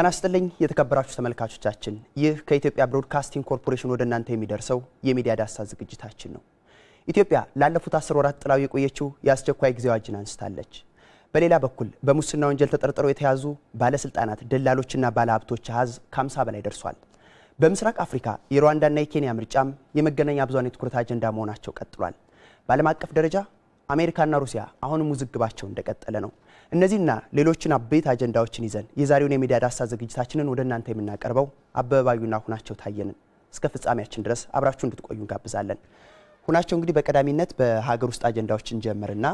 ጤና ይስጥልኝ የተከበራችሁ ተመልካቾቻችን፣ ይህ ከኢትዮጵያ ብሮድካስቲንግ ኮርፖሬሽን ወደ እናንተ የሚደርሰው የሚዲያ ዳሰሳ ዝግጅታችን ነው። ኢትዮጵያ ላለፉት አስር ወራት ጥላው የቆየችው የአስቸኳይ ጊዜ አዋጅን አንስታለች። በሌላ በኩል በሙስና ወንጀል ተጠርጥረው የተያዙ ባለስልጣናት፣ ደላሎችና ባለሀብቶች አሃዝ ከ50 በላይ ደርሷል። በምስራቅ አፍሪካ የሩዋንዳና የኬንያ ምርጫም የመገናኛ ብዙሃን የትኩረት አጀንዳ መሆናቸው ቀጥሏል። በዓለም አቀፍ ደረጃ አሜሪካና ሩሲያ አሁንም ውዝግባቸው እንደቀጠለ ነው። እነዚህና ሌሎችን አበይት አጀንዳዎችን ይዘን የዛሬውን የሚዲያ ዳሰሳ ዝግጅታችንን ወደ እናንተ የምናቀርበው አበባዩና ሁናቸው ታየንን እስከ ፍጻሜያችን ድረስ አብራችሁ እንድትቆዩ እንጋብዛለን። ሁናቸው እንግዲህ በቀዳሚነት በሀገር ውስጥ አጀንዳዎችን ጀምርና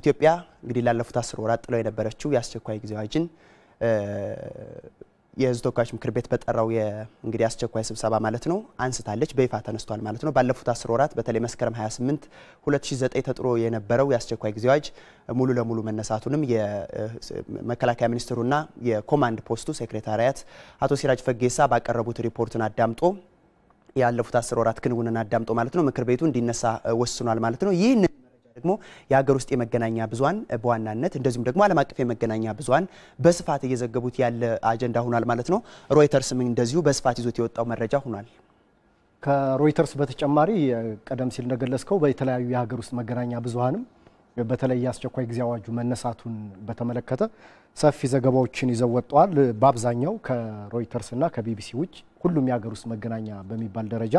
ኢትዮጵያ እንግዲህ ላለፉት አስር ወራት ጥለው የነበረችው የአስቸኳይ ጊዜ አዋጅን የህዝብ ተወካዮች ምክር ቤት በጠራው እንግዲህ አስቸኳይ ስብሰባ ማለት ነው አንስታለች፣ በይፋ ተነስቷል ማለት ነው። ባለፉት አስር ወራት በተለይ መስከረም 28 2009 ተጥሮ የነበረው የአስቸኳይ ጊዜ አዋጅ ሙሉ ለሙሉ መነሳቱንም የመከላከያ ሚኒስትሩና የኮማንድ ፖስቱ ሴክሬታሪያት አቶ ሲራጅ ፈጌሳ ባቀረቡት ሪፖርትን አዳምጦ ያለፉት አስር ወራት ክንውንን አዳምጦ ማለት ነው ምክር ቤቱ እንዲነሳ ወስኗል ማለት ነው። ይህን ደግሞ የሀገር ውስጥ የመገናኛ ብዙኃን በዋናነት እንደዚሁም ደግሞ ዓለም አቀፍ የመገናኛ ብዙኃን በስፋት እየዘገቡት ያለ አጀንዳ ሆኗል ማለት ነው። ሮይተርስም እንደዚሁ በስፋት ይዞት የወጣው መረጃ ሆኗል። ከሮይተርስ በተጨማሪ ቀደም ሲል እንደገለጽከው በተለያዩ የሀገር ውስጥ መገናኛ ብዙኃንም በተለይ የአስቸኳይ ጊዜ አዋጁ መነሳቱን በተመለከተ ሰፊ ዘገባዎችን ይዘው ወጥተዋል። በአብዛኛው ከሮይተርስና ከቢቢሲ ውጭ ሁሉም የሀገር ውስጥ መገናኛ በሚባል ደረጃ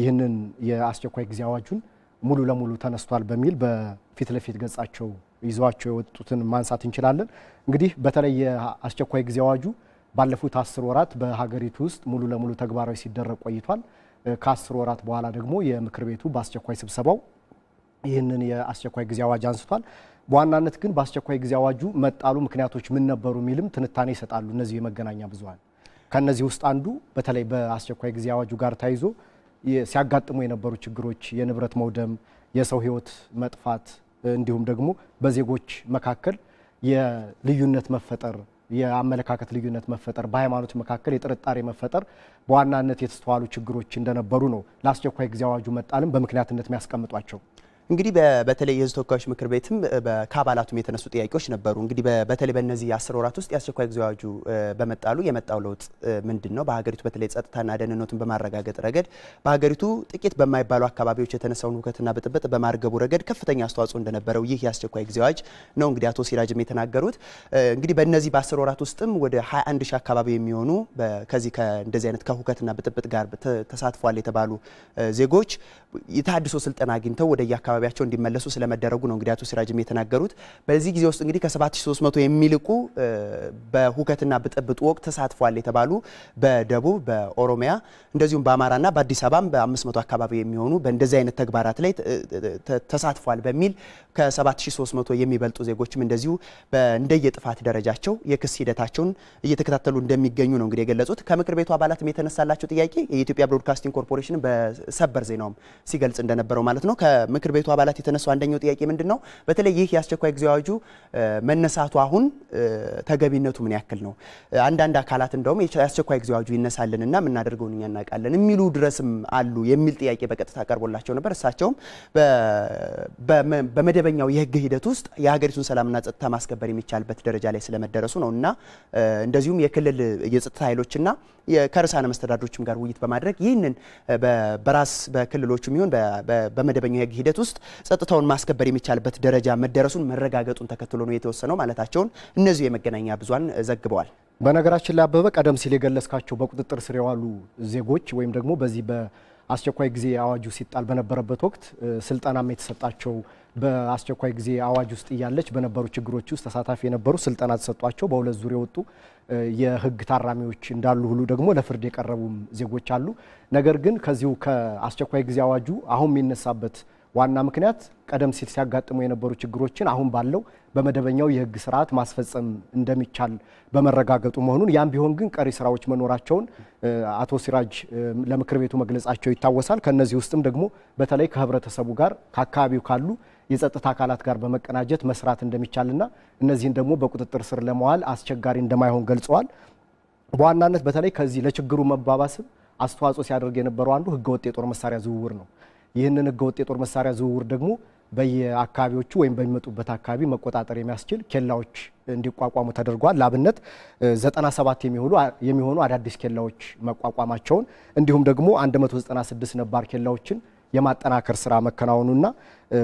ይህንን የአስቸኳይ ጊዜ አዋጁን ሙሉ ለሙሉ ተነስቷል በሚል በፊት ለፊት ገጻቸው ይዘዋቸው የወጡትን ማንሳት እንችላለን። እንግዲህ በተለይ የአስቸኳይ ጊዜ አዋጁ ባለፉት አስር ወራት በሀገሪቱ ውስጥ ሙሉ ለሙሉ ተግባራዊ ሲደረግ ቆይቷል። ከአስር ወራት በኋላ ደግሞ የምክር ቤቱ በአስቸኳይ ስብሰባው ይህንን የአስቸኳይ ጊዜ አዋጅ አንስቷል። በዋናነት ግን በአስቸኳይ ጊዜ አዋጁ መጣሉ ምክንያቶች ምን ነበሩ የሚልም ትንታኔ ይሰጣሉ እነዚህ የመገናኛ ብዙኃን። ከእነዚህ ውስጥ አንዱ በተለይ በአስቸኳይ ጊዜ አዋጁ ጋር ተያይዞ ሲያጋጥሙ የነበሩ ችግሮች የንብረት መውደም፣ የሰው ህይወት መጥፋት እንዲሁም ደግሞ በዜጎች መካከል የልዩነት መፈጠር የአመለካከት ልዩነት መፈጠር በሃይማኖት መካከል የጥርጣሬ መፈጠር በዋናነት የተስተዋሉ ችግሮች እንደነበሩ ነው ለአስቸኳይ ጊዜ አዋጁ መጣልም በምክንያትነት የሚያስቀምጧቸው። እንግዲህ በተለይ የህዝብ ተወካዮች ምክር ቤትም ከአባላቱም የተነሱ ጥያቄዎች ነበሩ። እንግዲህ በተለይ በእነዚህ አስር ወራት ውስጥ የአስቸኳይ ጊዜ አዋጁ በመጣሉ የመጣው ለውጥ ምንድን ነው? በሀገሪቱ በተለይ ጸጥታና ደህንነቱን በማረጋገጥ ረገድ በሀገሪቱ ጥቂት በማይባሉ አካባቢዎች የተነሳውን ሁከትና ብጥብጥ በማርገቡ ረገድ ከፍተኛ አስተዋጽኦ እንደነበረው ይህ የአስቸኳይ ጊዜ አዋጅ ነው እንግዲህ አቶ ሲራጅም የተናገሩት። እንግዲህ በእነዚህ በአስር ወራት ውስጥም ወደ 21 ሺህ አካባቢ የሚሆኑ ከዚህ እንደዚህ አይነት ከሁከትና ብጥብጥ ጋር ተሳትፏል የተባሉ ዜጎች የተሃድሶ ስልጠና አግኝተው ወደ የአካባቢ አካባቢያቸው እንዲመለሱ ስለመደረጉ ነው እንግዲህ አቶ ሲራጅም የተናገሩት። በዚህ ጊዜ ውስጥ እንግዲህ ከ7300 የሚልቁ በሁከትና ብጥብጥ ወቅት ተሳትፏል የተባሉ በደቡብ በኦሮሚያ እንደዚሁም በአማራና በአዲስ አበባም በ500 አካባቢ የሚሆኑ በእንደዚህ አይነት ተግባራት ላይ ተሳትፏል በሚል ከ7300 የሚበልጡ ዜጎችም እንደዚሁ እንደየጥፋት ደረጃቸው የክስ ሂደታቸውን እየተከታተሉ እንደሚገኙ ነው እንግዲህ የገለጹት። ከምክር ቤቱ አባላትም የተነሳላቸው ጥያቄ የኢትዮጵያ ብሮድካስቲንግ ኮርፖሬሽን በሰበር ዜናውም ሲገልጽ እንደነበረው ማለት ነው ከምክር ቤቱ ከምክር ቤቱ አባላት የተነሱ አንደኛው ጥያቄ ምንድን ነው? በተለይ ይህ የአስቸኳይ ጊዜ አዋጁ መነሳቱ አሁን ተገቢነቱ ምን ያክል ነው? አንዳንድ አካላት እንደውም የአስቸኳይ ጊዜ አዋጁ ይነሳልንና የምናደርገውን እኛ እናውቃለን የሚሉ ድረስም አሉ የሚል ጥያቄ በቀጥታ ቀርቦላቸው ነበር። እሳቸውም በመደበኛው የህግ ሂደት ውስጥ የሀገሪቱን ሰላምና ጸጥታ ማስከበር የሚቻልበት ደረጃ ላይ ስለመደረሱ ነው እና እንደዚሁም የክልል የጸጥታ ኃይሎችና ከርዕሳነ መስተዳድሮችም ጋር ውይይት በማድረግ ይህንን በራስ በክልሎቹ የሚሆን በመደበኛው የህግ ሂደት ውስጥ ውስጥ ጸጥታውን ማስከበር የሚቻልበት ደረጃ መደረሱን መረጋገጡን ተከትሎ ነው የተወሰነው ማለታቸውን እነዚሁ የመገናኛ ብዙን ዘግበዋል። በነገራችን ላይ አበበ ቀደም ሲል የገለጽካቸው በቁጥጥር ስር የዋሉ ዜጎች ወይም ደግሞ በዚህ በአስቸኳይ ጊዜ አዋጁ ሲጣል በነበረበት ወቅት ስልጠናም የተሰጣቸው በአስቸኳይ ጊዜ አዋጅ ውስጥ እያለች በነበሩ ችግሮች ውስጥ ተሳታፊ የነበሩ ስልጠና ተሰጧቸው በሁለት ዙር የወጡ የህግ ታራሚዎች እንዳሉ ሁሉ ደግሞ ለፍርድ የቀረቡም ዜጎች አሉ። ነገር ግን ከዚሁ ከአስቸኳይ ጊዜ አዋጁ አሁን የሚነሳበት ዋና ምክንያት ቀደም ሲል ሲያጋጥሙ የነበሩ ችግሮችን አሁን ባለው በመደበኛው የህግ ስርዓት ማስፈጸም እንደሚቻል በመረጋገጡ መሆኑን ያም ቢሆን ግን ቀሪ ስራዎች መኖራቸውን አቶ ሲራጅ ለምክር ቤቱ መግለጻቸው ይታወሳል። ከነዚህ ውስጥም ደግሞ በተለይ ከህብረተሰቡ ጋር ከአካባቢው ካሉ የጸጥታ አካላት ጋር በመቀናጀት መስራት እንደሚቻልና እነዚህን ደግሞ በቁጥጥር ስር ለመዋል አስቸጋሪ እንደማይሆን ገልጸዋል። በዋናነት በተለይ ከዚህ ለችግሩ መባባስም አስተዋጽኦ ሲያደርግ የነበረው አንዱ ህገወጥ የጦር መሳሪያ ዝውውር ነው። ይህንን ህገወጥ የጦር መሳሪያ ዝውውር ደግሞ በየአካባቢዎቹ ወይም በሚመጡበት አካባቢ መቆጣጠር የሚያስችል ኬላዎች እንዲቋቋሙ ተደርጓል። ለአብነት 97 የሚሆኑ የሚሆኑ አዳዲስ ኬላዎች መቋቋማቸውን እንዲሁም ደግሞ 196 ነባር ኬላዎችን የማጠናከር ስራ መከናወኑና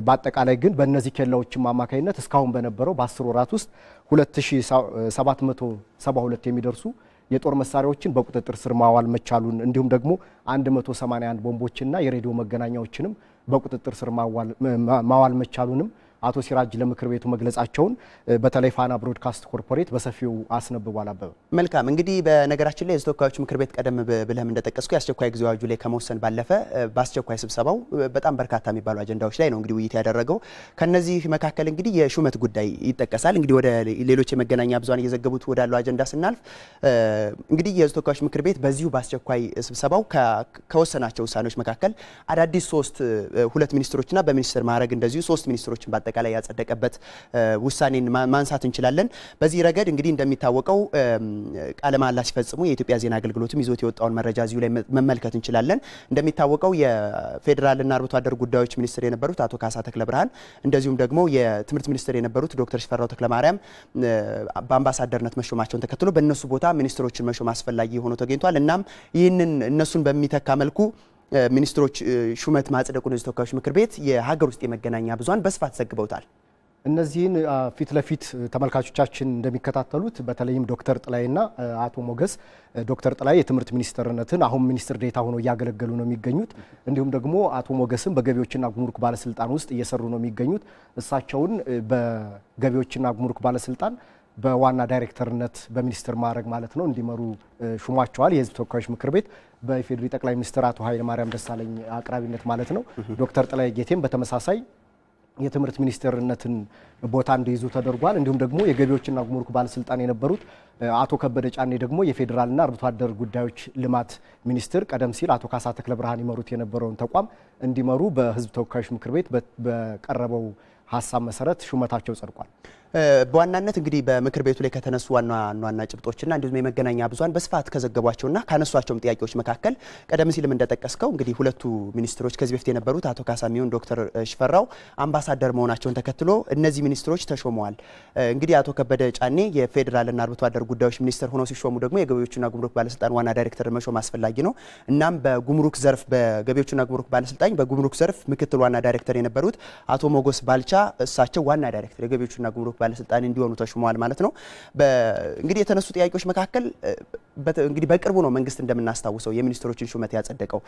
በአጠቃላይ ግን በእነዚህ ኬላዎችም አማካኝነት እስካሁን በነበረው በ10 ወራት ውስጥ 2772 የሚደርሱ የጦር መሳሪያዎችን በቁጥጥር ስር ማዋል መቻሉን እንዲሁም ደግሞ 181 ቦምቦችና የሬዲዮ መገናኛዎችንም በቁጥጥር ስር ማዋል መቻሉንም አቶ ሲራጅ ለምክር ቤቱ መግለጻቸውን በተለይ ፋና ብሮድካስት ኮርፖሬት በሰፊው አስነብቧል። አበበ መልካም። እንግዲህ በነገራችን ላይ የሕዝብ ምክር ቤት ቀደም ብለህም እንደጠቀስኩ የአስቸኳይ ጊዜ አዋጁ ላይ ከመወሰን ባለፈ በአስቸኳይ ስብሰባው በጣም በርካታ የሚባሉ አጀንዳዎች ላይ ነው እንግዲህ ውይይት ያደረገው። ከነዚህ መካከል እንግዲህ የሹመት ጉዳይ ይጠቀሳል። እንግዲህ ወደ ሌሎች የመገናኛ ብዙን እየዘገቡት ወዳለው አጀንዳ ስናልፍ እንግዲህ የሕዝብ ምክር ቤት በዚሁ በአስቸኳይ ስብሰባው ከወሰናቸው ውሳኔዎች መካከል አዳዲስ ሶስት ሁለት ሚኒስትሮችና በሚኒስትር ማዕረግ እንደዚሁ ሶስት ሚኒስትሮችን ባጠቀ አጠቃላይ ያጸደቀበት ውሳኔን ማንሳት እንችላለን። በዚህ ረገድ እንግዲህ እንደሚታወቀው ቃለ ሲፈጽሙ የኢትዮጵያ ዜና አገልግሎትም ይዞት የወጣውን መረጃ እዚሁ ላይ መመልከት እንችላለን። እንደሚታወቀው የፌዴራልና አርብቶ አደር ጉዳዮች ሚኒስትር የነበሩት አቶ ካሳ ተክለ ብርሃን እንደዚሁም ደግሞ የትምህርት ሚኒስትር የነበሩት ዶክተር ሽፈራው ተክለ ማርያም በአምባሳደርነት መሾማቸውን ተከትሎ በእነሱ ቦታ ሚኒስትሮችን መሾም አስፈላጊ ሆኖ ተገኝቷል። እናም ይህንን እነሱን በሚተካ መልኩ ሚኒስትሮች ሹመት ማጽደቁን የሕዝብ ተወካዮች ምክር ቤት የሀገር ውስጥ የመገናኛ ብዙኃን በስፋት ዘግበውታል። እነዚህን ፊት ለፊት ተመልካቾቻችን እንደሚከታተሉት በተለይም ዶክተር ጥላይና አቶ ሞገስ ዶክተር ጥላይ የትምህርት ሚኒስትርነትን አሁን ሚኒስትር ዴታ ሆኖ እያገለገሉ ነው የሚገኙት። እንዲሁም ደግሞ አቶ ሞገስም በገቢዎችና ጉምሩክ ባለስልጣን ውስጥ እየሰሩ ነው የሚገኙት። እሳቸውን በገቢዎችና ጉምሩክ ባለስልጣን በዋና ዳይሬክተርነት በሚኒስትር ማዕረግ ማለት ነው እንዲመሩ ሹሟቸዋል። የህዝብ ተወካዮች ምክር ቤት በኢፌዴሪ ጠቅላይ ሚኒስትር አቶ ኃይለማርያም ደሳለኝ አቅራቢነት ማለት ነው። ዶክተር ጥላዬ ጌቴም በተመሳሳይ የትምህርት ሚኒስቴርነትን ቦታ እንዲይዙ ተደርጓል። እንዲሁም ደግሞ የገቢዎችና ጉምሩክ ባለስልጣን የነበሩት አቶ ከበደ ጫኔ ደግሞ የፌዴራልና አርብቶ አደር ጉዳዮች ልማት ሚኒስትር ቀደም ሲል አቶ ካሳ ተክለ ብርሃን ይመሩት የነበረውን ተቋም እንዲመሩ በህዝብ ተወካዮች ምክር ቤት በቀረበው ሀሳብ መሰረት ሹመታቸው ጸድቋል። በዋናነት እንግዲህ በምክር ቤቱ ላይ ከተነሱ ዋና ዋና ጭብጦችና እንዲሁም የመገናኛ ብዙኃን በስፋት ከዘገቧቸውና ካነሷቸውም ጥያቄዎች መካከል ቀደም ሲልም እንደጠቀስከው እንግዲህ ሁለቱ ሚኒስትሮች ከዚህ በፊት የነበሩት አቶ ካሳሚሆን ዶክተር ሽፈራው አምባሳደር መሆናቸውን ተከትሎ እነዚህ ሚኒስትሮች ተሾመዋል። እንግዲህ አቶ ከበደ ጫኔ የፌዴራልና አርብቶ አደር ጉዳዮች ሚኒስትር ሆነው ሲሾሙ ደግሞ የገቢዎችና ጉምሩክ ባለስልጣን ዋና ዳይሬክተር መሾም አስፈላጊ ነው። እናም በጉምሩክ ዘርፍ በገቢዎችና ጉምሩክ ባለስልጣኝ በጉምሩክ ዘርፍ ምክትል ዋና ዳይሬክተር የነበሩት አቶ ሞጎስ ባልቻ እሳቸው ዋና ዳይሬክተር የገቢዎችና ጉምሩክ ባለስልጣን እንዲሆኑ ተሹመዋል ማለት ነው። እንግዲህ የተነሱ ጥያቄዎች መካከል እንግዲህ በቅርቡ ነው መንግስት እንደምናስታውሰው የሚኒስትሮችን ሹመት ያጸደቀው።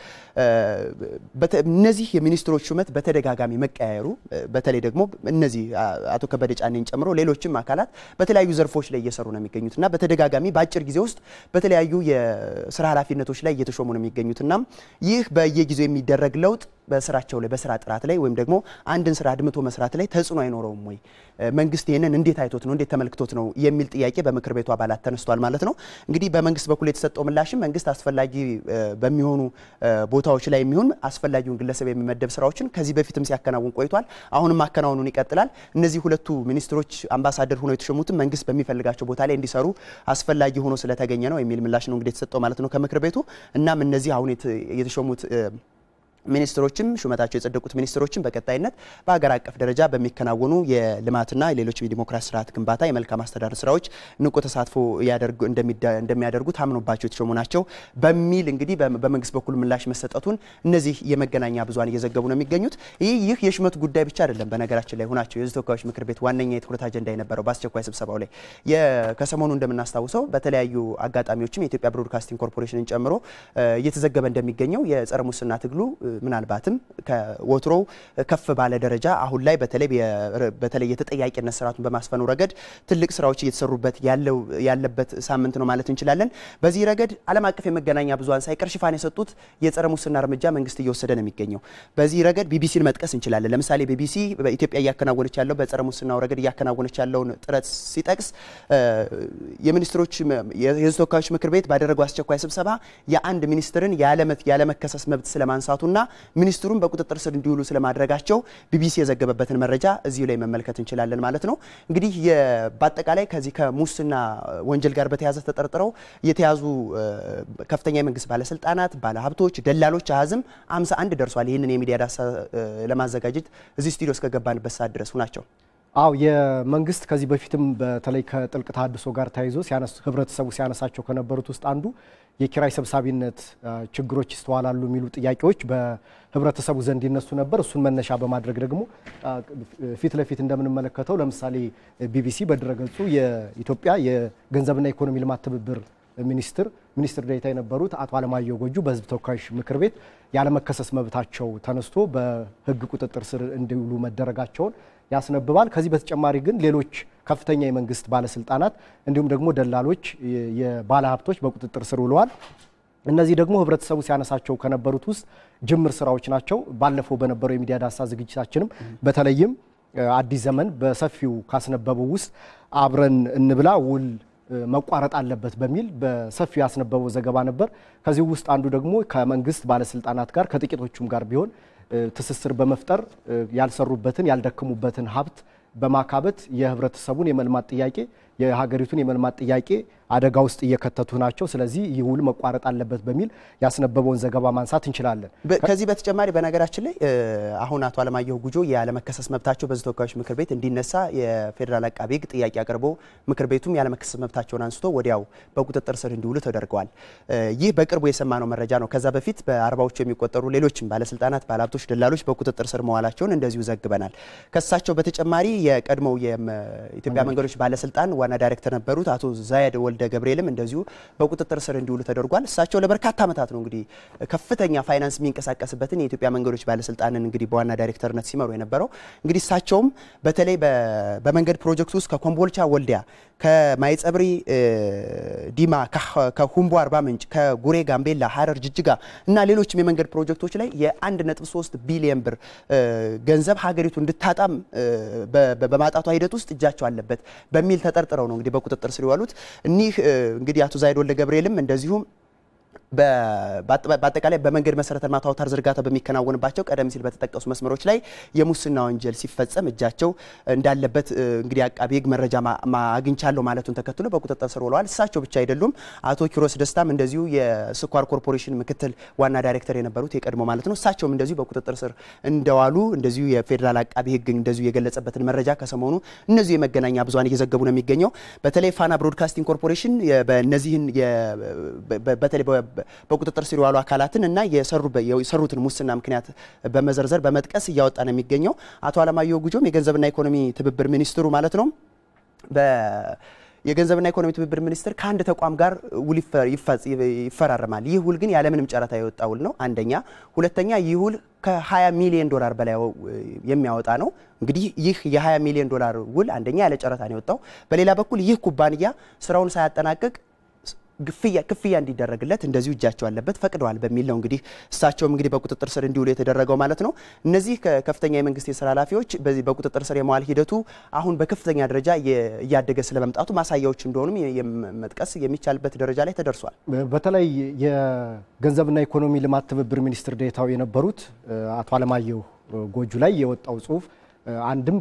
እነዚህ የሚኒስትሮች ሹመት በተደጋጋሚ መቀያየሩ በተለይ ደግሞ እነዚህ አቶ ከበደ ጫኔን ጨምሮ ሌሎችም አካላት በተለያዩ ዘርፎች ላይ እየሰሩ ነው የሚገኙትና በተደጋጋሚ በአጭር ጊዜ ውስጥ በተለያዩ የስራ ኃላፊነቶች ላይ እየተሾሙ ነው የሚገኙትና ይህ በየጊዜው የሚደረግ ለውጥ በስራቸው ላይ በስራ ጥራት ላይ ወይም ደግሞ አንድን ስራ አድምቶ መስራት ላይ ተጽዕኖ አይኖረውም ወይ? መንግስት ይህንን እንዴት አይቶት ነው እንዴት ተመልክቶት ነው የሚል ጥያቄ በምክር ቤቱ አባላት ተነስቷል ማለት ነው። እንግዲህ በመንግስት በኩል የተሰጠው ምላሽም መንግስት አስፈላጊ በሚሆኑ ቦታዎች ላይ የሚሆን አስፈላጊውን ግለሰብ የሚመደብ ስራዎችን ከዚህ በፊትም ሲያከናውን ቆይቷል። አሁንም ማከናወኑን ይቀጥላል። እነዚህ ሁለቱ ሚኒስትሮች አምባሳደር ሆነው የተሸሙትም መንግስት በሚፈልጋቸው ቦታ ላይ እንዲሰሩ አስፈላጊ ሆኖ ስለተገኘ ነው የሚል ምላሽ ነው እንግዲህ የተሰጠው ማለት ነው ከምክር ቤቱ እናም እነዚህ አሁን የተሾሙት ሚኒስትሮችም ሹመታቸው የጸደቁት ሚኒስትሮችም በቀጣይነት በሀገር አቀፍ ደረጃ በሚከናወኑ የልማትና ሌሎች የዲሞክራሲ ስርዓት ግንባታ የመልካም አስተዳደር ስራዎች ንቁ ተሳትፎ እንደሚያደርጉ ታምኖባቸው የተሾሙ ናቸው በሚል እንግዲህ በመንግስት በኩል ምላሽ መሰጠቱን እነዚህ የመገናኛ ብዙን እየዘገቡ ነው የሚገኙት። ይህ የሹመት ጉዳይ ብቻ አይደለም። በነገራችን ላይ ሆናቸው የህዝብ ተወካዮች ምክር ቤት ዋነኛ የትኩረት አጀንዳ የነበረው በአስቸኳይ ስብሰባው ላይ ከሰሞኑ እንደምናስታውሰው በተለያዩ አጋጣሚዎችም የኢትዮጵያ ብሮድካስቲንግ ኮርፖሬሽንን ጨምሮ እየተዘገበ እንደሚገኘው የጸረ ሙስና ትግሉ ምናልባትም ከወትሮ ከፍ ባለ ደረጃ አሁን ላይ በተለይ የተጠያቂነት ስርዓቱን በማስፈኑ ረገድ ትልቅ ስራዎች እየተሰሩበት ያለበት ሳምንት ነው ማለት እንችላለን። በዚህ ረገድ ዓለም አቀፍ የመገናኛ ብዙኃን ሳይቀር ሽፋን የሰጡት የጸረ ሙስና እርምጃ መንግስት እየወሰደ ነው የሚገኘው። በዚህ ረገድ ቢቢሲን መጥቀስ እንችላለን። ለምሳሌ ቢቢሲ በኢትዮጵያ እያከናወነች ያለው በጸረ ሙስናው ረገድ እያከናወነች ያለውን ጥረት ሲጠቅስ የሚኒስትሮች የህዝብ ተወካዮች ምክር ቤት ባደረገው አስቸኳይ ስብሰባ የአንድ ሚኒስትርን ያለመከሰስ መብት ስለማንሳቱና ሚኒስትሩን በቁጥጥር ስር እንዲውሉ ስለማድረጋቸው ቢቢሲ የዘገበበትን መረጃ እዚሁ ላይ መመልከት እንችላለን ማለት ነው። እንግዲህ በአጠቃላይ ከዚህ ከሙስና ወንጀል ጋር በተያዘ ተጠርጥረው የተያዙ ከፍተኛ የመንግስት ባለስልጣናት፣ ባለሀብቶች፣ ደላሎች አሃዝም 51 ደርሷል። ይህንን የሚዲያ ዳሰሳ ለማዘጋጀት እዚህ ስቱዲዮ እስከገባንበት ሰዓት ድረስ ናቸው። አው የመንግስት ከዚህ በፊትም በተለይ ከጥልቅ ተሃድሶ ጋር ተያይዞ ህብረተሰቡ ሲያነሳቸው ከነበሩት ውስጥ አንዱ የኪራይ ሰብሳቢነት ችግሮች ይስተዋላሉ የሚሉ ጥያቄዎች በህብረተሰቡ ዘንድ ይነሱ ነበር። እሱን መነሻ በማድረግ ደግሞ ፊት ለፊት እንደምንመለከተው ለምሳሌ ቢቢሲ በድረገጹ የኢትዮጵያ የገንዘብና ኢኮኖሚ ልማት ትብብር ሚኒስትር ሚኒስትር ዴኤታ የነበሩት አቶ አለማየሁ ጎጁ በህዝብ ተወካዮች ምክር ቤት ያለመከሰስ መብታቸው ተነስቶ በህግ ቁጥጥር ስር እንዲውሉ መደረጋቸውን ያስነብባል። ከዚህ በተጨማሪ ግን ሌሎች ከፍተኛ የመንግስት ባለስልጣናት እንዲሁም ደግሞ ደላሎች፣ የባለሀብቶች በቁጥጥር ስር ውለዋል። እነዚህ ደግሞ ህብረተሰቡ ሲያነሳቸው ከነበሩት ውስጥ ጅምር ስራዎች ናቸው። ባለፈው በነበረው የሚዲያ ዳሰሳ ዝግጅታችንም በተለይም አዲስ ዘመን በሰፊው ካስነበበው ውስጥ አብረን እንብላ ውል መቋረጥ አለበት በሚል በሰፊው ያስነበበው ዘገባ ነበር። ከዚህ ውስጥ አንዱ ደግሞ ከመንግስት ባለስልጣናት ጋር ከጥቂቶቹም ጋር ቢሆን ትስስር በመፍጠር ያልሰሩበትን ያልደከሙበትን ሀብት በማካበት የህብረተሰቡን የመልማት ጥያቄ የሀገሪቱን የመልማት ጥያቄ አደጋ ውስጥ እየከተቱ ናቸው። ስለዚህ ይህ ውል መቋረጥ አለበት በሚል ያስነበበውን ዘገባ ማንሳት እንችላለን። ከዚህ በተጨማሪ በነገራችን ላይ አሁን አቶ አለማየሁ ጉጆ ያለመከሰስ መብታቸው በዚህ ተወካዮች ምክር ቤት እንዲነሳ የፌዴራል አቃቢ ሕግ ጥያቄ አቅርቦ ምክር ቤቱም ያለመከሰስ መብታቸውን አንስቶ ወዲያው በቁጥጥር ስር እንዲውሉ ተደርገዋል። ይህ በቅርቡ የሰማነው መረጃ ነው። ከዛ በፊት በአርባዎቹ የሚቆጠሩ ሌሎችም ባለስልጣናት፣ ባለሀብቶች፣ ደላሎች በቁጥጥር ስር መዋላቸውን እንደዚሁ ዘግበናል። ከሳቸው በተጨማሪ የቀድሞው የኢትዮጵያ መንገዶች ባለስልጣን ዋና ዳይሬክተር ነበሩት አቶ ዛያድ ወልደ ገብርኤልም እንደዚሁ በቁጥጥር ስር እንዲውሉ ተደርጓል። እሳቸው ለበርካታ ዓመታት ነው እንግዲህ ከፍተኛ ፋይናንስ የሚንቀሳቀስበትን የኢትዮጵያ መንገዶች ባለስልጣንን እንግዲህ በዋና ዳይሬክተርነት ሲመሩ የነበረው እንግዲህ እሳቸውም በተለይ በመንገድ ፕሮጀክት ውስጥ ከኮምቦልቻ ወልዲያ፣ ከማይጸብሪ ዲማ፣ ከሁምቦ አርባ ምንጭ፣ ከጉሬ ጋምቤላ፣ ሀረር ጅጅጋ እና ሌሎችም የመንገድ ፕሮጀክቶች ላይ የ1.3 ቢሊዮን ብር ገንዘብ ሀገሪቱ እንድታጣም በማጣቷ ሂደት ውስጥ እጃቸው አለበት በሚል ተጠርጥ ተጠርጥረው ነው እንግዲህ በቁጥጥር ስር የዋሉት እኒህ እንግዲህ አቶ ዛይድ ወልደ ገብርኤልም እንደዚሁም በአጠቃላይ በመንገድ መሰረተ ልማት አውታር ዝርጋታ በሚከናወንባቸው ቀደም ሲል በተጠቀሱ መስመሮች ላይ የሙስና ወንጀል ሲፈጸም እጃቸው እንዳለበት እንግዲህ አቃቢ ሕግ መረጃ አግኝቻለሁ ማለቱን ተከትሎ በቁጥጥር ስር ውለዋል። እሳቸው ብቻ አይደሉም። አቶ ኪሮስ ደስታም እንደዚሁ የስኳር ኮርፖሬሽን ምክትል ዋና ዳይሬክተር የነበሩት የቀድሞ ማለት ነው። እሳቸውም እንደዚሁ በቁጥጥር ስር እንደዋሉ እንደዚሁ የፌዴራል አቃቢ ሕግ እንደዚሁ የገለጸበትን መረጃ ከሰሞኑ እነዚሁ የመገናኛ ብዙን እየዘገቡ ነው የሚገኘው። በተለይ ፋና ብሮድካስቲንግ ኮርፖሬሽን በነዚህን በተለይ በቁጥጥር ስር የዋሉ አካላትን እና የሰሩትን ሙስና ምክንያት በመዘርዘር በመጥቀስ እያወጣ ነው የሚገኘው። አቶ አለማየሁ ጉጆም የገንዘብና ኢኮኖሚ ትብብር ሚኒስትሩ ማለት ነው የገንዘብና ኢኮኖሚ ትብብር ሚኒስቴር ከአንድ ተቋም ጋር ውል ይፈራረማል። ይህ ውል ግን ያለምንም ጨረታ የወጣ ውል ነው። አንደኛ። ሁለተኛ ይህ ውል ከ20 ሚሊዮን ዶላር በላይ የሚያወጣ ነው። እንግዲህ ይህ የ20 ሚሊዮን ዶላር ውል አንደኛ ያለ ጨረታ ነው የወጣው። በሌላ በኩል ይህ ኩባንያ ስራውን ሳያጠናቅቅ ግፍያ ክፍያ እንዲደረግለት እንደዚሁ እጃቸው አለበት ፈቅደዋል በሚል ነው እንግዲህ እሳቸውም እንግዲህ በቁጥጥር ስር እንዲውሉ የተደረገው ማለት ነው። እነዚህ ከፍተኛ የመንግስት የስራ ኃላፊዎች በዚህ በቁጥጥር ስር የመዋል ሂደቱ አሁን በከፍተኛ ደረጃ እያደገ ስለመምጣቱ ማሳያዎች እንደሆኑም መጥቀስ የሚቻልበት ደረጃ ላይ ተደርሷል። በተለይ የገንዘብና ኢኮኖሚ ልማት ትብብር ሚኒስትር ዴታው የነበሩት አቶ አለማየሁ ጎጁ ላይ የወጣው ጽሁፍ አንድም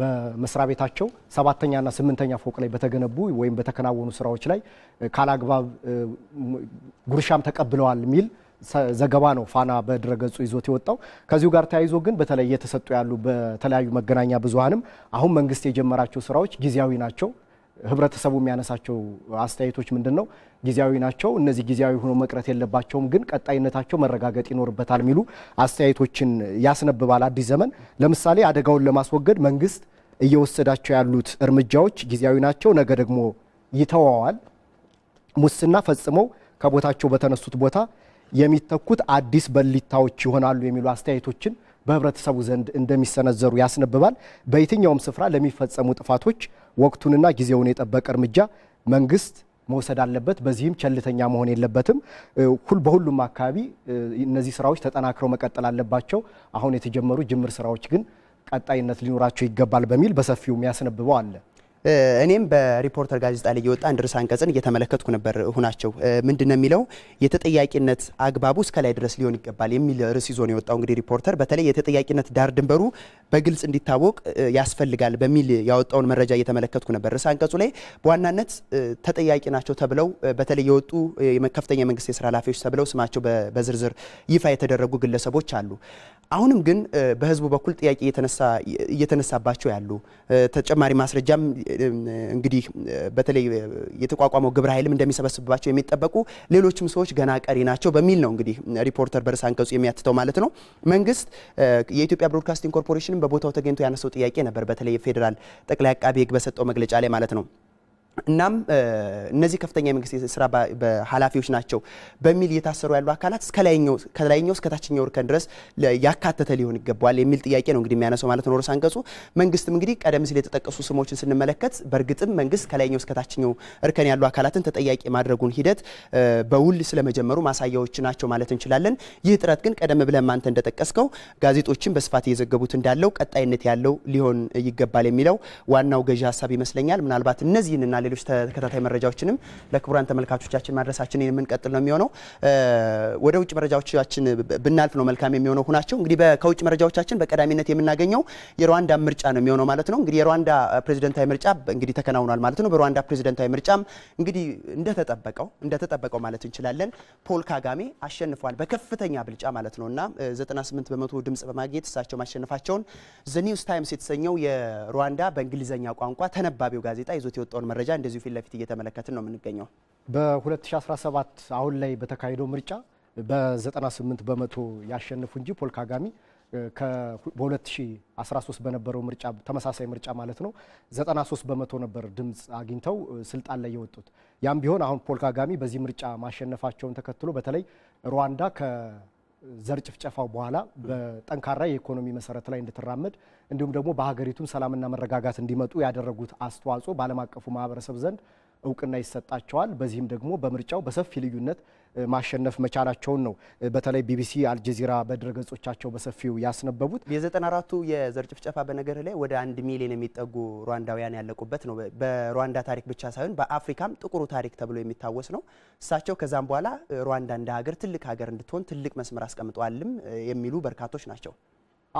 በመስሪያ ቤታቸው ሰባተኛና ስምንተኛ ፎቅ ላይ በተገነቡ ወይም በተከናወኑ ስራዎች ላይ ካላግባብ ጉርሻም ተቀብለዋል የሚል ዘገባ ነው ፋና በድረገጹ ይዞት የወጣው። ከዚሁ ጋር ተያይዞ ግን በተለይ እየተሰጡ ያሉ በተለያዩ መገናኛ ብዙኃንም አሁን መንግስት የጀመራቸው ስራዎች ጊዜያዊ ናቸው ህብረተሰቡ የሚያነሳቸው አስተያየቶች ምንድን ነው? ጊዜያዊ ናቸው። እነዚህ ጊዜያዊ ሆኖ መቅረት የለባቸውም፣ ግን ቀጣይነታቸው መረጋገጥ ይኖርበታል የሚሉ አስተያየቶችን ያስነብባል። አዲስ ዘመን ለምሳሌ አደጋውን ለማስወገድ መንግስት እየወሰዳቸው ያሉት እርምጃዎች ጊዜያዊ ናቸው፣ ነገ ደግሞ ይተዋዋል። ሙስና ፈጽመው ከቦታቸው በተነሱት ቦታ የሚተኩት አዲስ በሊታዎች ይሆናሉ የሚሉ አስተያየቶችን በህብረተሰቡ ዘንድ እንደሚሰነዘሩ ያስነብባል። በየትኛውም ስፍራ ለሚፈጸሙ ጥፋቶች ወቅቱንና ጊዜውን የጠበቀ እርምጃ መንግስት መውሰድ አለበት። በዚህም ቸልተኛ መሆን የለበትም። ሁል በሁሉም አካባቢ እነዚህ ስራዎች ተጠናክረው መቀጠል አለባቸው። አሁን የተጀመሩ ጅምር ስራዎች ግን ቀጣይነት ሊኖራቸው ይገባል በሚል በሰፊው የሚያስነብበው አለ። እኔም በሪፖርተር ጋዜጣ ላይ የወጣ አንድ ርዕሰ አንቀጽን እየተመለከትኩ ነበር። ሁናቸው ምንድን ነው የሚለው የተጠያቂነት አግባቡ እስከ ላይ ድረስ ሊሆን ይገባል የሚል ርዕስ ይዞ ነው የወጣው። እንግዲህ ሪፖርተር በተለይ የተጠያቂነት ዳር ድንበሩ በግልጽ እንዲታወቅ ያስፈልጋል በሚል ያወጣውን መረጃ እየተመለከትኩ ነበር። ርዕሰ አንቀጹ ላይ በዋናነት ተጠያቂ ናቸው ተብለው በተለይ የወጡ ከፍተኛ የመንግስት የስራ ኃላፊዎች ተብለው ስማቸው በዝርዝር ይፋ የተደረጉ ግለሰቦች አሉ። አሁንም ግን በህዝቡ በኩል ጥያቄ እየተነሳባቸው ያሉ ተጨማሪ ማስረጃም እንግዲህ በተለይ የተቋቋመው ግብረ ኃይልም እንደሚሰበስብባቸው የሚጠበቁ ሌሎችም ሰዎች ገና ቀሪ ናቸው በሚል ነው እንግዲህ ሪፖርተር በርዕሰ አንቀጹ የሚያትተው ማለት ነው። መንግስት የኢትዮጵያ ብሮድካስቲንግ ኮርፖሬሽንም በቦታው ተገኝቶ ያነሳው ጥያቄ ነበር። በተለይ ፌዴራል ጠቅላይ አቃቢ ህግ በሰጠው መግለጫ ላይ ማለት ነው። እናም እነዚህ ከፍተኛ የመንግስት ስራ ኃላፊዎች ናቸው በሚል እየታሰሩ ያሉ አካላት ከላይኛው እስከ ታችኛው እርከን ድረስ ያካተተ ሊሆን ይገባዋል የሚል ጥያቄ ነው እንግዲህ የሚያነሰው ማለት ነው ርዕሰ አንቀጹ። መንግስትም እንግዲህ ቀደም ሲል የተጠቀሱ ስሞችን ስንመለከት በእርግጥም መንግስት ከላይኛው እስከ ታችኛው እርከን ያሉ አካላትን ተጠያቂ ማድረጉን ሂደት በውል ስለመጀመሩ ማሳያዎች ናቸው ማለት እንችላለን። ይህ ጥረት ግን ቀደም ብለን ማንተ እንደጠቀስከው ጋዜጦችን በስፋት እየዘገቡት እንዳለው ቀጣይነት ያለው ሊሆን ይገባል የሚለው ዋናው ገዢ ሀሳብ ይመስለኛል። ምናልባት እነዚህንና ሌሎች ተከታታይ መረጃዎችንም ለክቡራን ተመልካቾቻችን ማድረሳችን የምንቀጥል ነው የሚሆነው። ወደ ውጭ መረጃዎቻችን ብናልፍ ነው መልካም የሚሆነው ሁናቸው። እንግዲህ ከውጭ መረጃዎቻችን በቀዳሚነት የምናገኘው የሩዋንዳ ምርጫ ነው የሚሆነው ማለት ነው። እንግዲህ የሩዋንዳ ፕሬዚደንታዊ ምርጫ እንግዲህ ተከናውኗል ማለት ነው። በሩዋንዳ ፕሬዚደንታዊ ምርጫም እንግዲህ እንደተጠበቀው እንደተጠበቀው ማለት እንችላለን ፖል ካጋሜ አሸንፏል በከፍተኛ ብልጫ ማለት ነው እና 98 በመቶ ድምጽ በማግኘት እሳቸው ማሸነፋቸውን ዘኒውስ ኒውስ ታይምስ የተሰኘው የሩዋንዳ በእንግሊዝኛ ቋንቋ ተነባቢው ጋዜጣ ይዞት የወጣውን መረጃ እንደዚሁ ፊት ለፊት እየተመለከትን ነው የምንገኘው። በ2017 አሁን ላይ በተካሄደው ምርጫ በ98 በመቶ ያሸንፉ እንጂ ፖል ካጋሚ በ2013 በነበረው ምርጫ ተመሳሳይ ምርጫ ማለት ነው 93 በመቶ ነበር ድምፅ አግኝተው ስልጣን ላይ የወጡት። ያም ቢሆን አሁን ፖል ካጋሚ በዚህ ምርጫ ማሸነፋቸውን ተከትሎ በተለይ ሩዋንዳ ዘር ጭፍጨፋው በኋላ በጠንካራ የኢኮኖሚ መሰረት ላይ እንድትራመድ እንዲሁም ደግሞ በሀገሪቱም ሰላምና መረጋጋት እንዲመጡ ያደረጉት አስተዋጽኦ በዓለም አቀፉ ማህበረሰብ ዘንድ እውቅና ይሰጣቸዋል። በዚህም ደግሞ በምርጫው በሰፊ ልዩነት ማሸነፍ መቻላቸውን ነው በተለይ ቢቢሲ፣ አልጀዚራ በድረገጾቻቸው በሰፊው ያስነበቡት። የ94ቱ የዘር ጭፍጨፋ በነገር ላይ ወደ አንድ ሚሊዮን የሚጠጉ ሩዋንዳውያን ያለቁበት ነው። በሩዋንዳ ታሪክ ብቻ ሳይሆን በአፍሪካም ጥቁሩ ታሪክ ተብሎ የሚታወስ ነው። እሳቸው ከዛም በኋላ ሩዋንዳ እንደ ሀገር ትልቅ ሀገር እንድትሆን ትልቅ መስመር አስቀምጠዋልም የሚሉ በርካቶች ናቸው።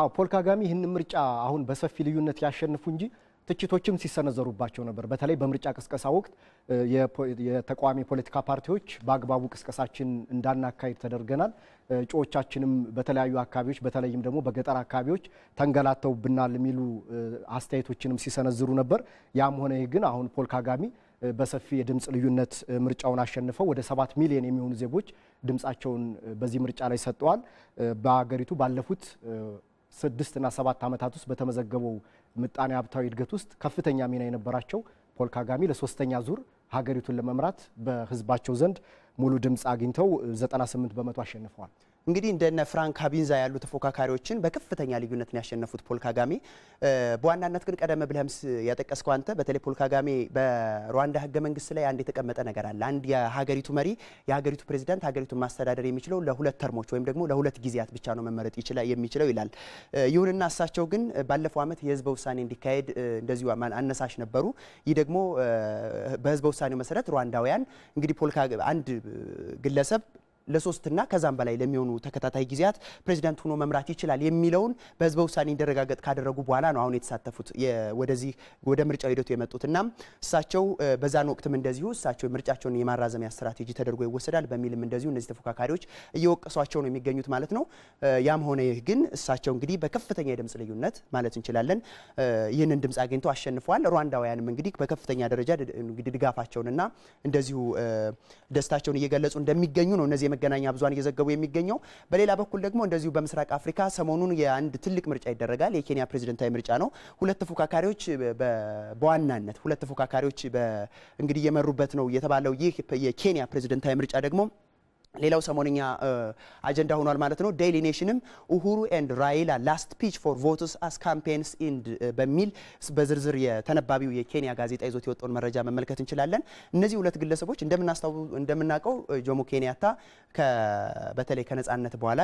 አዎ ፖል ይህን ምርጫ አሁን በሰፊ ልዩነት ያሸንፉ እንጂ ትችቶችም ሲሰነዘሩባቸው ነበር። በተለይ በምርጫ ቅስቀሳ ወቅት የተቃዋሚ ፖለቲካ ፓርቲዎች በአግባቡ ቅስቀሳችን እንዳናካሄድ ተደርገናል፣ እጩዎቻችንም በተለያዩ አካባቢዎች በተለይም ደግሞ በገጠር አካባቢዎች ተንገላተውብናል የሚሉ አስተያየቶችንም ሲሰነዝሩ ነበር። ያም ሆነ ይህ ግን አሁን ፖል ካጋሚ በሰፊ የድምፅ ልዩነት ምርጫውን አሸንፈው ወደ ሰባት ሚሊዮን የሚሆኑ ዜጎች ድምፃቸውን በዚህ ምርጫ ላይ ሰጥተዋል። በሀገሪቱ ባለፉት ስድስት እና ሰባት ዓመታት ውስጥ በተመዘገበው ምጣኔ ሀብታዊ እድገት ውስጥ ከፍተኛ ሚና የነበራቸው ፖል ካጋሚ ለሶስተኛ ዙር ሀገሪቱን ለመምራት በህዝባቸው ዘንድ ሙሉ ድምፅ አግኝተው 98 በመቶ አሸንፈዋል። እንግዲህ እንደነ ፍራንክ ካቢንዛ ያሉ ተፎካካሪዎችን በከፍተኛ ልዩነት ነው ያሸነፉት ፖል ካጋሜ። በዋናነት ግን ቀደም ብለህም ያጠቀስከው አንተ በተለይ ፖል ካጋሜ በሩዋንዳ ህገ መንግስት ላይ አንድ የተቀመጠ ነገር አለ። አንድ የሀገሪቱ መሪ የሀገሪቱ ፕሬዚዳንት ሀገሪቱን ማስተዳደር የሚችለው ለሁለት ተርሞች ወይም ደግሞ ለሁለት ጊዜያት ብቻ ነው መመረጥ የሚችለው ይላል። ይሁንና እሳቸው ግን ባለፈው ዓመት የህዝበ ውሳኔ እንዲካሄድ እንደዚሁ አነሳሽ ነበሩ። ይህ ደግሞ በህዝበ ውሳኔው መሰረት ሩዋንዳውያን እንግዲህ ፖል አንድ ግለሰብ ለሶስትና ከዛም በላይ ለሚሆኑ ተከታታይ ጊዜያት ፕሬዚዳንት ሆኖ መምራት ይችላል የሚለውን በህዝበ ውሳኔ እንዲረጋገጥ ካደረጉ በኋላ ነው አሁን የተሳተፉት ወደዚህ ወደ ምርጫው ሂደቱ የመጡት እና እሳቸው በዛን ወቅትም እንደዚሁ እሳቸው ምርጫቸውን የማራዘሚያ ስትራቴጂ ተደርጎ ይወሰዳል በሚልም እንደዚሁ እነዚህ ተፎካካሪዎች እየወቀሷቸው ነው የሚገኙት ማለት ነው። ያም ሆነ ይህ ግን እሳቸው እንግዲህ በከፍተኛ የድምፅ ልዩነት ማለት እንችላለን ይህንን ድምፅ አግኝተው አሸንፈዋል። ሩዋንዳውያንም እንግዲህ በከፍተኛ ደረጃ ድጋፋቸውንና እንደዚሁ ደስታቸውን እየገለጹ እንደሚገኙ ነው እነዚህ የመገናኛ ብዙሃን እየዘገቡ የሚገኘው። በሌላ በኩል ደግሞ እንደዚሁ በምስራቅ አፍሪካ ሰሞኑን የአንድ ትልቅ ምርጫ ይደረጋል። የኬንያ ፕሬዝደንታዊ ምርጫ ነው። ሁለት ተፎካካሪዎች በዋናነት ሁለት ተፎካካሪዎች እንግዲህ የመሩበት ነው የተባለው ይህ የኬንያ ፕሬዝደንታዊ ምርጫ ደግሞ ሌላው ሰሞንኛ አጀንዳ ሆኗል ማለት ነው። ዴይሊ ኔሽንም ኡሁሩ ኤንድ ራይላ ላስት ፒች ፎር ቮትስ አስ ካምፔንስ ኢንድ በሚል በዝርዝር የተነባቢው የኬንያ ጋዜጣ ይዞት የወጣውን መረጃ መመልከት እንችላለን። እነዚህ ሁለት ግለሰቦች እንደምናውቀው ጆሞ ኬንያታ በተለይ ከነጻነት በኋላ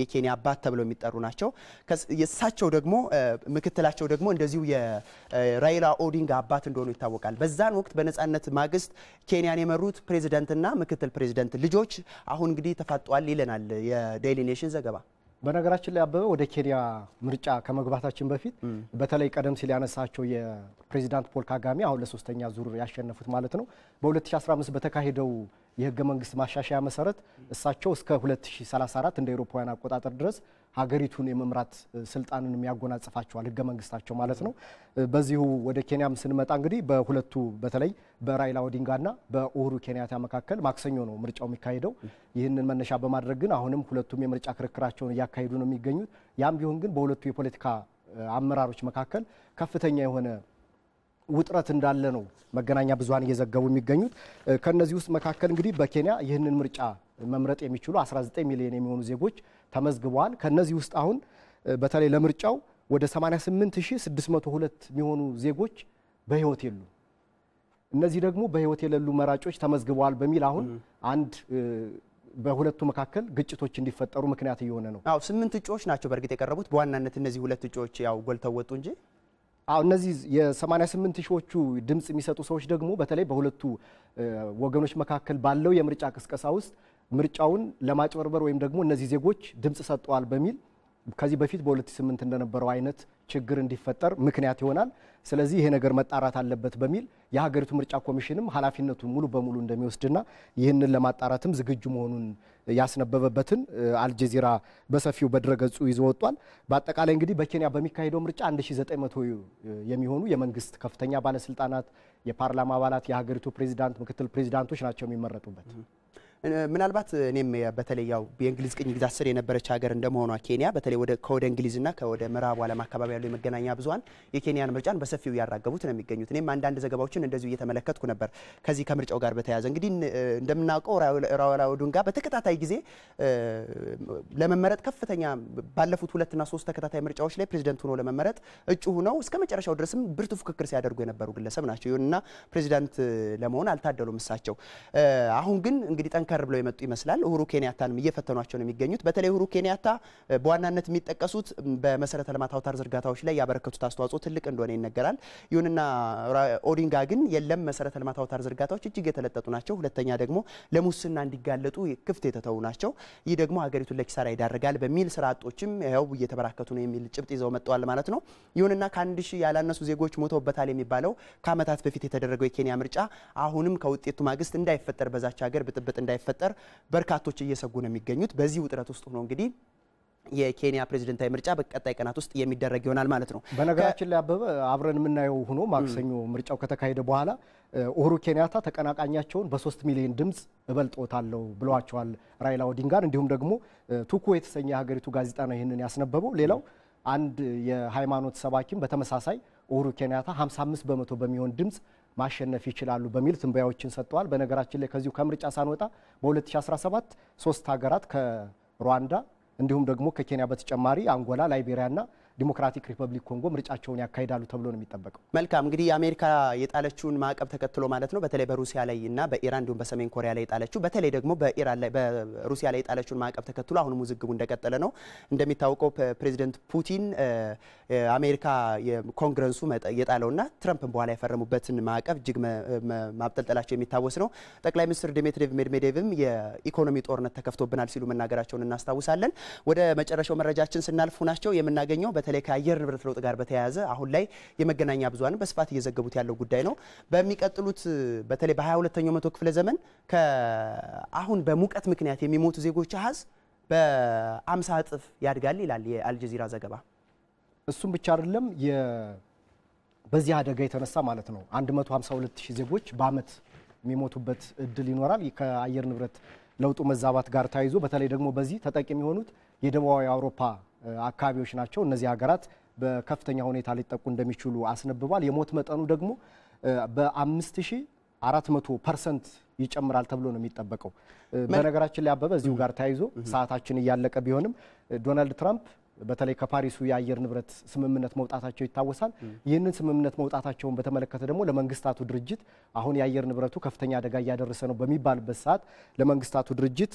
የኬንያ አባት ተብለው የሚጠሩ ናቸው። የእሳቸው ደግሞ ምክትላቸው ደግሞ እንደዚሁ የራይላ ኦዲንግ አባት እንደሆኑ ይታወቃል። በዛን ወቅት በነጻነት ማግስት ኬንያን የመሩት ፕሬዚደንትና ምክትል ፕሬዚደንት ልጆች አሁን እንግዲህ ተፋጧል ይለናል የዴይሊ ኔሽን ዘገባ። በነገራችን ላይ አበበ ወደ ኬንያ ምርጫ ከመግባታችን በፊት በተለይ ቀደም ሲል ያነሳቸው የፕሬዚዳንት ፖል ካጋሜ አሁን ለሶስተኛ ዙር ያሸነፉት ማለት ነው በ2015 በተካሄደው የህገ መንግስት ማሻሻያ መሰረት እሳቸው እስከ 2034 እንደ ኤሮፓውያን አቆጣጠር ድረስ ሀገሪቱን የመምራት ስልጣንን የሚያጎናጽፋቸዋል ህገ መንግስታቸው ማለት ነው። በዚሁ ወደ ኬንያም ስንመጣ እንግዲህ በሁለቱ በተለይ በራይላ ኦዲንጋና በኡሁሩ ኬንያታ መካከል ማክሰኞ ነው ምርጫው የሚካሄደው። ይህንን መነሻ በማድረግ ግን አሁንም ሁለቱም የምርጫ ክርክራቸውን እያካሄዱ ነው የሚገኙት። ያም ቢሆን ግን በሁለቱ የፖለቲካ አመራሮች መካከል ከፍተኛ የሆነ ውጥረት እንዳለ ነው መገናኛ ብዙሃን እየዘገቡ የሚገኙት። ከነዚህ ውስጥ መካከል እንግዲህ በኬንያ ይህንን ምርጫ መምረጥ የሚችሉ 19 ሚሊዮን የሚሆኑ ዜጎች ተመዝግበዋል። ከነዚህ ውስጥ አሁን በተለይ ለምርጫው ወደ 88602 የሚሆኑ ዜጎች በህይወት የሉ። እነዚህ ደግሞ በህይወት የሌሉ መራጮች ተመዝግበዋል በሚል አሁን አንድ በሁለቱ መካከል ግጭቶች እንዲፈጠሩ ምክንያት እየሆነ ነው። አዎ ስምንት እጩዎች ናቸው በእርግጥ የቀረቡት በዋናነት እነዚህ ሁለት እጩዎች ያው ጎልተው ወጡ እንጂ አዎ እነዚህ የ88 ሺዎቹ ድምፅ የሚሰጡ ሰዎች ደግሞ በተለይ በሁለቱ ወገኖች መካከል ባለው የምርጫ ቅስቀሳ ውስጥ ምርጫውን ለማጭበርበር ወይም ደግሞ እነዚህ ዜጎች ድምፅ ሰጠዋል በሚል ከዚህ በፊት በ2008 እንደነበረው አይነት ችግር እንዲፈጠር ምክንያት ይሆናል። ስለዚህ ይሄ ነገር መጣራት አለበት በሚል የሀገሪቱ ምርጫ ኮሚሽንም ኃላፊነቱን ሙሉ በሙሉ እንደሚወስድና ይህንን ለማጣራትም ዝግጁ መሆኑን ያስነበበበትን አልጀዚራ በሰፊው በድረገጹ ይዞ ወጥቷል። በአጠቃላይ እንግዲህ በኬንያ በሚካሄደው ምርጫ 1900 የሚሆኑ የመንግስት ከፍተኛ ባለስልጣናት፣ የፓርላማ አባላት፣ የሀገሪቱ ፕሬዚዳንት፣ ምክትል ፕሬዚዳንቶች ናቸው የሚመረጡበት። ምናልባት እኔም በተለይ ያው የእንግሊዝ ቅኝ ግዛት ስር የነበረች ሀገር እንደመሆኗ ኬንያ በተለይ ከወደ እንግሊዝና ከወደ ምዕራቡ ዓለም አካባቢ ያሉ የመገናኛ ብዙኃን የኬንያን ምርጫን በሰፊው እያራገቡት ነው የሚገኙት። እኔም አንዳንድ ዘገባዎችን እንደዚሁ እየተመለከትኩ ነበር። ከዚህ ከምርጫው ጋር በተያያዘ እንግዲህ እንደምናውቀው ራወላ ኦዲንጋ በተከታታይ ጊዜ ለመመረጥ ከፍተኛ ባለፉት ሁለትና ሶስት ተከታታይ ምርጫዎች ላይ ፕሬዚደንት ሆኖ ለመመረጥ እጩ ሆነው እስከ መጨረሻው ድረስም ብርቱ ፉክክር ሲያደርጉ የነበሩ ግለሰብ ናቸው። ይሁንና ፕሬዚዳንት ለመሆን አልታደሉም እሳቸው። አሁን ግን እንግዲህ ጠንከር ብለው የመጡ ይመስላል። ኡሁሩ ኬንያታንም እየፈተኗቸው ነው የሚገኙት። በተለይ ኡሁሩ ኬንያታ በዋናነት የሚጠቀሱት በመሰረተ ልማት አውታር ዝርጋታዎች ላይ ያበረከቱት አስተዋጽኦ ትልቅ እንደሆነ ይነገራል። ይሁንና ኦዲንጋ ግን የለም መሰረተ ልማት አውታር ዝርጋታዎች እጅግ የተለጠጡ ናቸው። ሁለተኛ ደግሞ ለሙስና እንዲጋለጡ ክፍት የተተዉ ናቸው። ይህ ደግሞ ሀገሪቱን ለኪሳራ ይዳርጋል በሚል ስራ አጦችም ያው እየተበራከቱ ነው የሚል ጭብጥ ይዘው መጥተዋል ማለት ነው። ይሁንና ከአንድ ሺህ ያላነሱ ዜጎች ሞተውበታል የሚባለው ከአመታት በፊት የተደረገው የኬንያ ምርጫ አሁንም ከውጤቱ ማግስት እንዳይፈጠር በዛች ሀገር ብጥብጥ እንዳይፈ እንዳይፈጠር በርካቶች እየሰጉ ነው የሚገኙት። በዚህ ውጥረት ውስጥ ሆኖ እንግዲህ የኬንያ ፕሬዝደንታዊ ምርጫ በቀጣይ ቀናት ውስጥ የሚደረግ ይሆናል ማለት ነው። በነገራችን ላይ አበበ አብረን የምናየው ሆኖ ማክሰኞ ምርጫው ከተካሄደ በኋላ ኡሁሩ ኬንያታ ተቀናቃኛቸውን በሶስት ሚሊዮን ድምፅ እበልጦታለሁ ብለዋቸዋል ራይላ ኦዲንጋን። እንዲሁም ደግሞ ቱኩ የተሰኘ የሀገሪቱ ጋዜጣ ነው ይህንን ያስነበበው። ሌላው አንድ የሃይማኖት ሰባኪም በተመሳሳይ ኡሁሩ ኬንያታ 55 በመቶ በሚሆን ድምፅ ማሸነፍ ይችላሉ በሚል ትንበያዎችን ሰጥተዋል። በነገራችን ላይ ከዚሁ ከምርጫ ሳንወጣ በ2017 ሶስት ሀገራት ከሩዋንዳ እንዲሁም ደግሞ ከኬንያ በተጨማሪ አንጎላ፣ ላይቤሪያና ዲሞክራቲክ ሪፐብሊክ ኮንጎ ምርጫቸውን ያካሂዳሉ ተብሎ ነው የሚጠበቀው። መልካም እንግዲህ የአሜሪካ የጣለችውን ማዕቀብ ተከትሎ ማለት ነው በተለይ በሩሲያ ላይ እና በኢራን እንዲሁም በሰሜን ኮሪያ ላይ የጣለችው በተለይ ደግሞ በኢራን ላይ በሩሲያ ላይ የጣለችውን ማዕቀብ ተከትሎ አሁንም ውዝግቡ እንደቀጠለ ነው። እንደሚታወቀው ፕሬዚደንት ፑቲን አሜሪካ ኮንግረሱ የጣለውና ትረምፕን በኋላ የፈረሙበትን ማዕቀብ እጅግ ማብጠልጠላቸው የሚታወስ ነው። ጠቅላይ ሚኒስትር ዲሜትሪ ሜድሜዴቭም የኢኮኖሚ ጦርነት ተከፍቶብናል ሲሉ መናገራቸውን እናስታውሳለን። ወደ መጨረሻው መረጃችን ስናልፉ ናቸው የምናገኘው በተለይ ከአየር ንብረት ለውጥ ጋር በተያያዘ አሁን ላይ የመገናኛ ብዙኃን በስፋት እየዘገቡት ያለው ጉዳይ ነው። በሚቀጥሉት በተለይ በ22ኛው መቶ ክፍለ ዘመን አሁን በሙቀት ምክንያት የሚሞቱ ዜጎች አሀዝ በአምሳ እጥፍ ያድጋል ይላል የአልጀዚራ ዘገባ። እሱም ብቻ አይደለም በዚህ አደጋ የተነሳ ማለት ነው 152 ዜጎች በአመት የሚሞቱበት እድል ይኖራል። ከአየር ንብረት ለውጡ መዛባት ጋር ተያይዞ በተለይ ደግሞ በዚህ ተጠቂ የሚሆኑት የደቡባዊ አውሮፓ አካባቢዎች ናቸው። እነዚህ ሀገራት በከፍተኛ ሁኔታ ሊጠቁ እንደሚችሉ አስነብቧል። የሞት መጠኑ ደግሞ በ5400 ፐርሰንት ይጨምራል ተብሎ ነው የሚጠበቀው። በነገራችን ላይ አበበ እዚሁ ጋር ተያይዞ ሰዓታችን እያለቀ ቢሆንም ዶናልድ ትራምፕ በተለይ ከፓሪሱ የአየር ንብረት ስምምነት መውጣታቸው ይታወሳል። ይህንን ስምምነት መውጣታቸውን በተመለከተ ደግሞ ለመንግስታቱ ድርጅት አሁን የአየር ንብረቱ ከፍተኛ አደጋ እያደረሰ ነው በሚባልበት ሰዓት ለመንግስታቱ ድርጅት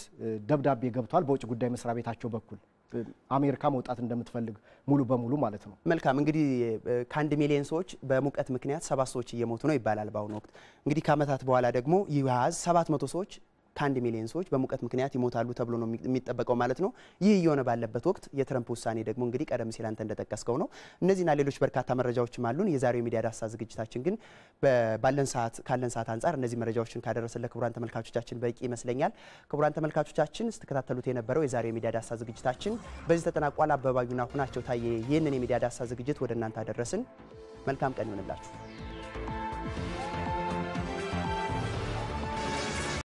ደብዳቤ ገብቷል በውጭ ጉዳይ መስሪያ ቤታቸው በኩል አሜሪካ መውጣት እንደምትፈልግ ሙሉ በሙሉ ማለት ነው። መልካም እንግዲህ ከአንድ ሚሊዮን ሰዎች በሙቀት ምክንያት ሰባት ሰዎች እየሞቱ ነው ይባላል በአሁኑ ወቅት። እንግዲህ ከአመታት በኋላ ደግሞ ይህ አሃዝ ሰባት መቶ ሰዎች ከአንድ ሚሊዮን ሰዎች በሙቀት ምክንያት ይሞታሉ ተብሎ ነው የሚጠበቀው ማለት ነው። ይህ እየሆነ ባለበት ወቅት የትረምፕ ውሳኔ ደግሞ እንግዲህ ቀደም ሲል አንተ እንደጠቀስከው ነው። እነዚህና ሌሎች በርካታ መረጃዎችም አሉን። የዛሬው የሚዲያ ዳሰሳ ዝግጅታችን ግን ባለን ሰዓት ካለን ሰዓት አንጻር እነዚህ መረጃዎችን ካደረሰለ ክቡራን ተመልካቾቻችን በቂ ይመስለኛል። ክቡራን ተመልካቾቻችን ስትከታተሉት የነበረው የዛሬው የሚዲያ ዳሰሳ ዝግጅታችን በዚህ ተጠናቋል። አበባዩና ሁናቸው ታየ ይህንን የሚዲያ ዳሰሳ ዝግጅት ወደ እናንተ አደረስን። መልካም ቀን ይሆንላችሁ።